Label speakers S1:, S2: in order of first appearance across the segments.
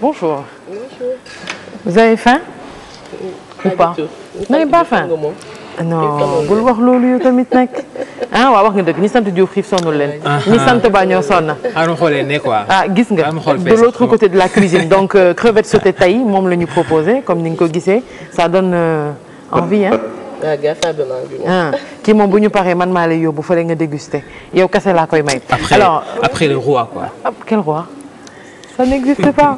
S1: Bonjour. Bonjour. Vous avez faim
S2: Ou pas n'avez pas faim non bul wax loolu tamit nag ah waaw wax nga dëgg ñi sant Diouf son sonnul leen. Ah, ñi ah. sant Ba ñoo sonn.
S1: xaaral ah, xoolee ne quoi. ah
S2: gis nga de l' autre côté de la cuisine donc euh, crevette sautée tey moom la ñu proposé comme ni nga ko gisee ça donne euh, envie hein. ah kii moom bu ñu paree man maa lay yóbbu fële nga dégusté yow kese laa koy may. alors
S1: après le roi
S2: quel roi. ça n'existe pas.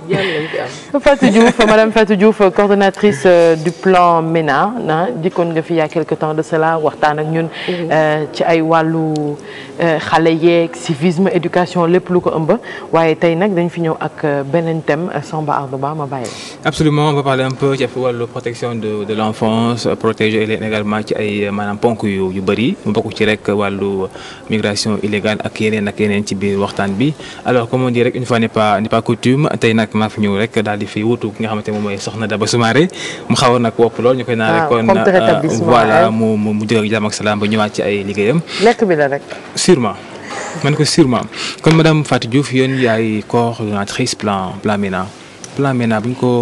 S2: Fatou Diouf madame Fatou Diouf coordonnatrice euh, du plan MENA ah dikkoon nga fi quelque temps de cela waxtaan ak ñun. Euh, ci ay wàllu euh, xale yeeg civisme éducation lépp lu ko ëmb waaye tey nag dañ fi ñëw ak beneen thème Samba Ardou Ba ma bàyyi.
S1: absolument on va parler un peu ci wàllu protection de de l' enfance protéger également ci ay maanaam ponk yu yu bëri mu ci rek wàllu migration illégale ak yeneen ak yeneen ci biir waxtaan bi alors comme on dit une coutume tey nag maa fi ñëw rek daal di fi wutu ki nga xamante moom mooy soxna Daba Soumaré mu xaw a nag wopp lool ñu koy naan rek kon euh, voilà mu mu jóg ak jàmm ak salaam ba ñëwaat ci ay liggéeyam lekk la rek sûrement man ko sûrement kon madame Fatou Diouf yéen yaay coordonnatrice plan plan MENA plan MENA bu ñu ko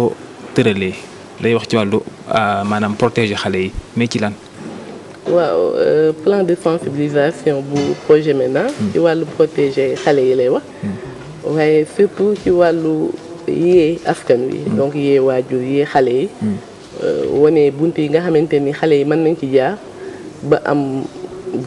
S1: tëralee day wax ci wàllu euh, maanaam protéger xale yi mais ci lan
S2: waaw euh, plan de sensibilisation bu projet MENA hmm. ci wàllu protéger xale yi lay wax hmm. waaye fépp ci wàllu yee askan wi. Mm. donc yee waajur yee xale yi. Mm. Euh, wane bunt yi nga xamante ni xale yi mën nañ ci jaar ba am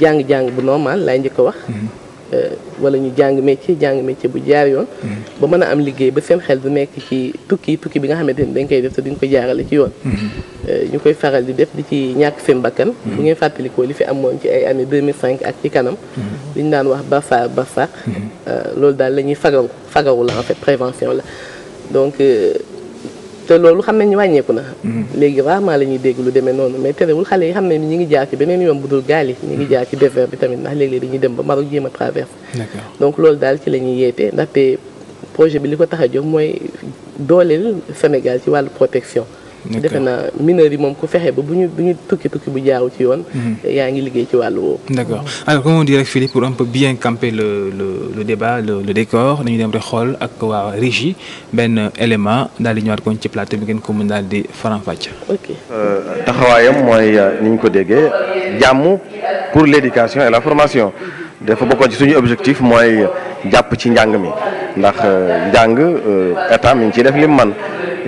S2: jàng-jàng bu normal laay njëkk a wax. Mm-hmm. Euh, wala ñu jàng métier jàng métier bu jaar yoon mm-hmm. ba mën a am liggéey ba seen xel du nekk ci tukki tukki bi nga xamante ni dañ koy def te duñ ko jaarale ci yoon mm-hmm. euh, ñu koy faral di def di ci ñàkk seen bakkan mm-hmm. bu ngeen fàttalikoo li fi amoon ci ay année 2005 ak ci kanam li ñu daan wax barsax barsax euh, loolu daal la ñuy fagaru fagaru la en fait prévention la te loolu xam nañ wàññeeku na. Mm-hmm. léegi rarement la ñuy dégg lu demee noonu mais terewul xale yi xam ne ñu ngi jaar ci beneen yoon bu dul gaal ñu ngi mm-hmm. jaar ci désert bi tamit ndax léeg-léeg dem ba Maroc jéem a traverse. donc loolu daal ci la ñuy yeete ndaxte projet bi li ko tax a jóg mooy dooleel Sénégal ci wàllu protection. defe na mineurs yi moom ku fexe ba bu ñu bu ñu tukki tukki bu jaaw ci yoon. Mhm. yaa ngi liggéey ci wàllu woowu.
S1: d'accord alors comme on dit rek pour un peu bien camper le le le débat le le décor dañu dem rek xool ak waa régie benn élément daal di ñëwaat kon ci plateau bi ngeen ko mën daal di faram-fàcce. ok
S3: euh, taxawaayam mooy euh, ni ñu ko déggee jàmm pour l'éducation et la formation. dafa bokkoon ci suñu objectif mooy jàpp ci njàng mi ndax euh, njàng état mi ngi ciy def lim man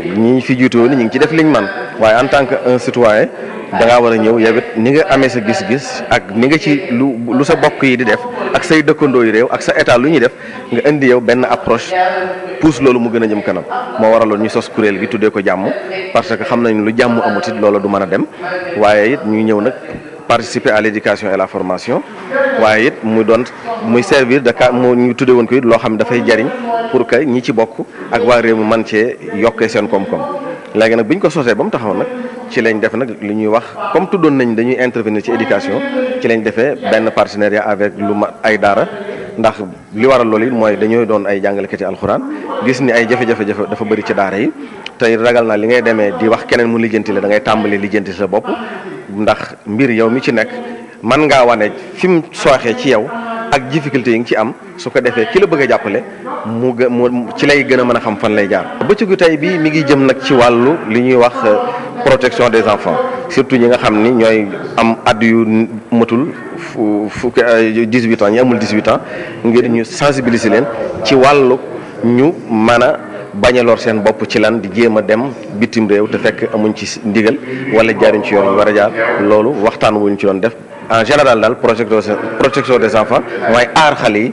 S3: ñi fi jiitu woon ñu ngi ci def liñ man waaye en tant que un citoyen da ngaa war a ñëw yow ni nga amee sa gis-gis ak ni nga ci lu lu sa bokk yi di def ak say dëkkandoo yu réew ak sa état lu ñuy def nga indi yow benn approche pousse loolu mu gën a jëm kanam moo waraloon ñu sos kuréel gi tuddee ko jàmm parce que xam nañ lu jàmm amut it loola du mën a dem waaye it ñu ñëw nag participer à l'éducation et la formation waaye it muy doon muy servir de cas mu ñu tudde woon ko it loo xam dafay jariñ pour que ñi ci bokk ak waa réew mi man cee yokkee seen koom-koom léegi nag bi ñu ko sosee ba mu taxaw nag ci lañ def nag li ñuy wax comme tuddoon nañ dañuy intervenir ci éducation ci lañ defee benn partenariat avec lu ma ay daara ndax li waral loolu it mooy dañooy doon ay jàngalekati alxuraan gis ni ay jafe-jafe dafa bëri ci daara yi tey ragal naa li ngay demee di wax keneen mu lijjanti la da ngay tàmbali lijjanti sa bopp ndax mbir yow mi ci nekk man ngaa wane fi mu sooxee ci yow ak difficulté yi nga ci am su ko defee ki la bëgg a jàppale mu gë mu ci lay gën a mën a xam fan lay jaar. bëccëgu tey bii mi ngi jëm nag ci wàllu li ñuy wax euh, protection des enfants surtout ñi nga xam ni ñooy am at yu matul fu fukki euh, 18 ans ñi amul 18 ans ngir ñu sensibiliser leen ci wàllu ñu mën bañ a lor seen bopp ci lan di jéem a dem bitim réew te fekk amuñ ci ndigal wala jaariñ ci yoon bi war a jaar loolu waxtaan wuñ ci doon def en des enfants waaye aar xale yi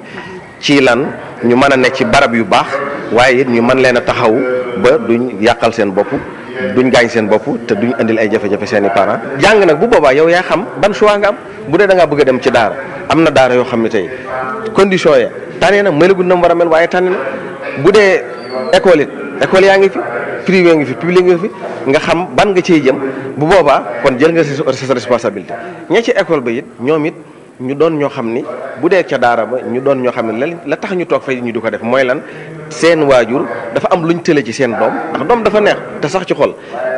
S3: ci lan ñu mën a nekk ci barab yu baax waaye it ñu man leen a taxaw ba duñ yàqal seen bopp duñ gaañ seen bopp te duñ indil ay jafe-jafe seen i parents jàng nag bu boobaa yow yaa xam ban choix nga am bu dee da ngaa bëgg a dem ci daara am na daara yoo xam ne tey condition ya tànnee école it école yaa ngi fi privé ngi fi public ngi fi nga xam ban nga cee jëm bu boobaa kon jël nga sa responsabilité ña ci école ba it ñoom it ñu doon ñoo xam ni bu dee ca daara ba ñu doon ñoo xam ne lan la tax ñu toog fay ñu di ko def mooy lan seen waajur dafa am lu ñu tële ci seen doom ndax doom dafa neex te sax ci xol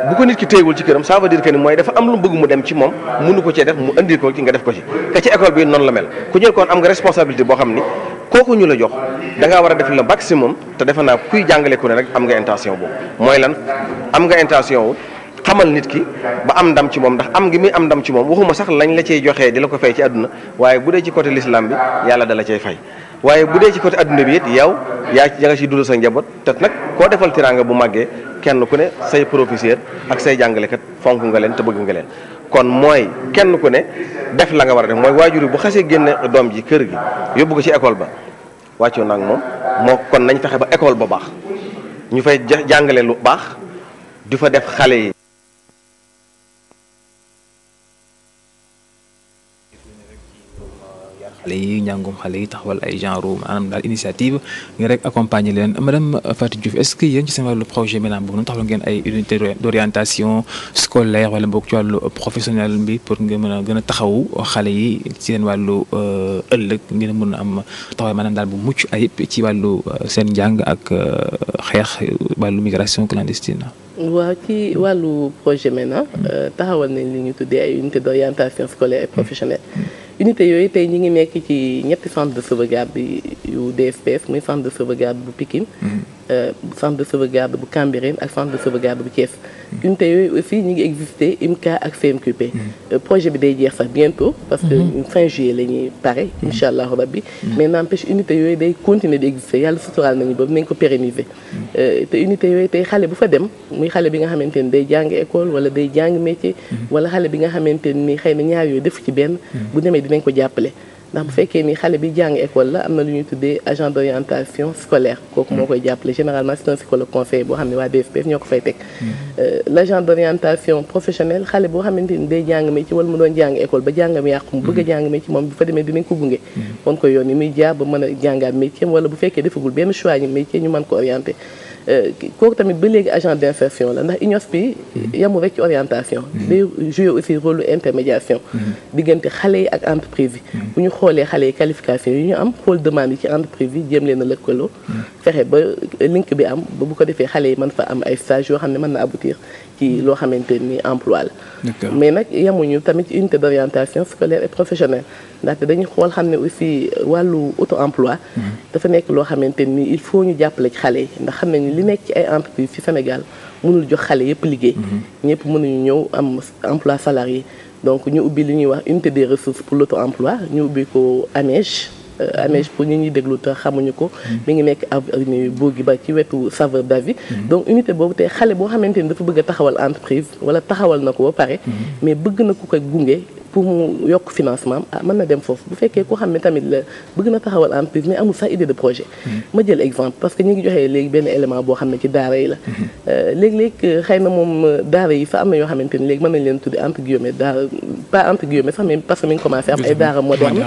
S3: bu ko nit ki téyewul ci këram ça veut dire que ni mooy dafa am lu bëgg mu dem ci moom munu ko cee def mu indi ko ci nga def ko ci. ka ci école bi noonu la mel ku ñëw am nga responsabilité boo xam ni kooku ñu la jox da war a def la le moom te defe naa kuy jàngale ku ne rek am nga intention boobu mooy lan am nga intention wu xamal nit ki ba am ndam ci moom ndax am ngi muy am ndam ci moom waxuma sax lañ la cey joxee di la ko fay ci àdduna waaye bu dee ci côté l'islam bi yàlla da la cay fay waaye bu dee ci côté adduna bi it yow yaa ya nga ciy sa njaboot te nag koo defal tiraanga bu màggee kenn ku ne say professeur ak say jàngalekat fonk nga leen te bëgg nga leen kon mooy kenn ku ne def la nga war a mooy waajur bu xasee génne doom ji kër gi yóbbu ko école ba wàccoon nag moom moo kon nañ fexe ba école ba baax ñu fay jàngale lu baax du fa def xale yi
S1: xale yi njàngum xale yi taxawal ay genre maanaam daal initiative ngir rek accompagner leen madame Fatou Diouf est-ce que yéen ci seen wàllu projet maanaam boobu noonu taxawal ngeen ay unité d'orientation scolaire wala boog a a euh, a euh, euh, clandestine.
S2: waaw ci wàllu projet MENA taxawal nañ li ñu tuddee ay unité d'orientation scolaire et professionnelle. unité yooyu tey ñi ngi nekk ci ñetti centre de sauvegarde yu DSPS muy centre de sauvegarde bu Pikine mm. Euh, femme de sauvegarde bu Cambérène ak femme de sauvegarde bu cees unité yooyu aussi ñu ngi existé IMCA ak FMQP. Hmm. Euh, projet bi day jeex sax bientôt. parce que hmm. fin juillet la ñuy pare. Hmm. incha allah bi mais n'empêche unité yooyu day continuer di exister yàlla suturaal nañu boobu nañ ko pérenniser. Euh, te unité yooyu tey xale bu fa dem muy xale bi nga xamante ni day jàng école wala day jàng métier. wala xale bi nga xamante ni xëy na ñaar yooyu def ci benn. bu demee dinañ ko jàppale. ndax bu fekkee ni xale bi jàng école la am na lu ñuy tuddee agent d' orientation scolaire kooku moo koy jàppale généralement c'est un psychologue conseiller boo xam ne waa BFPF ñoo ko fay teg hmm. euh, l' agent d' orientation professionnelle xale boo xamante ni day jàng mi ci wala mu doon jàng école ba jàng mi yàqu mu hmm. jàng mi ci moom bu fa demee dinañ ko gunge won hmm. ko yoon yi muy jaar ba mën a jàngaat métier wala bu fekkee defagul benn choix ñu métier ñu mën ko orienté Euh, kooku tamit ba léegi agent d'insertion la ndax UNIOS bi mm-hmm. yamu rek ci orientation mm-hmm. day jouer aussi rôle intermédiation mm-hmm. diggante xale yi ak entreprise yi bu ñu xoolee xale yi qualification yi ñu am xool demande yi ci entreprise yi jéem leen a lëkkaloo fexe ba link bi am ba bu ko defee xale yi man fa am ay stage yoo xam ne mën na aboutir ci loo xamante ni emploi la mais nag yamuñu tamit unité d'orientation scolaire et professionnelle ndaxte dañuy xool xam ne aussi wàllu auto emploi mm-hmm. dafa nekk loo xamante nii il faut ñu jàppale ci xale yi ndax xam nañu li nekk ci ay entreprise ci Sénégal mënul jox xale yëpp liggéey mm-hmm. ñëpp mënuñu ñëw am emploi salarié donc ñu ubbi li ñuy wax unité des ressources pour l'auto emploi ñu ubbi ko AMEJ euh, mm-hmm. AMEJ pour ñu ñuy déglu te xamuñu ko mi ngi nekk avenue ba ci wetu Saveur d'Avis donc unité boobu tey xale boo xamante ni dafa bëgg a taxawal entreprise wala taxawal na ko ba pare mais bëgg na ko koy gunge pour mu yokk financement ah mën na fekkee ku xam ne tamit la bëgg na taxawal entreprise mais amul sax idée de projet. Mhm. ma jël exemple parce que ñu ngi joxee léegi benn élément boo xam ne ci daara yi la. Mhm. Euh, léeg-léeg euh, xëy na moom euh, daara yi fa am na yoo xamante ni léegi mën nañ leen tuddi entre guillemets daara pas entre guillemets sax mais parce que mi ngi commencé am ay daara moderne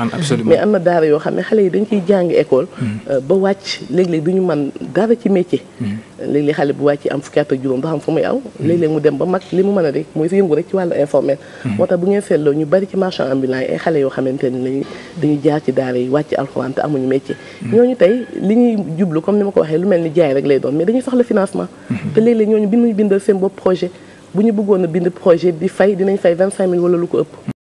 S2: mais am na daara yoo xam ne xale yi dañ ciy jàng école. Mhm. ba wàcc léeg-léeg du ñu mën dara ci métier. léeg-léeg bu wàcc am fukki at ak ba xam fu muy aw léeg-léeg ba mag li mu mën a rek mooy yëngu rek ci bari ci marchand ambulant yi ay xale yoo xamante ne lañu dañuy jaar ci daara yi wàcc alxuraan te amuñu métier. Mm-hmm. ñooñu tey li ñuy jublu comme ni ma ko waxee lu mel ni jaay rek lay doon mais dañuy soxla financement. Mm-hmm. te léeg-léeg ñooñu binduñu bindal seen bopp projet bu ñu bëggoon bind projet di fay dinañ fay vingt cinq mille wala lu ko ëpp.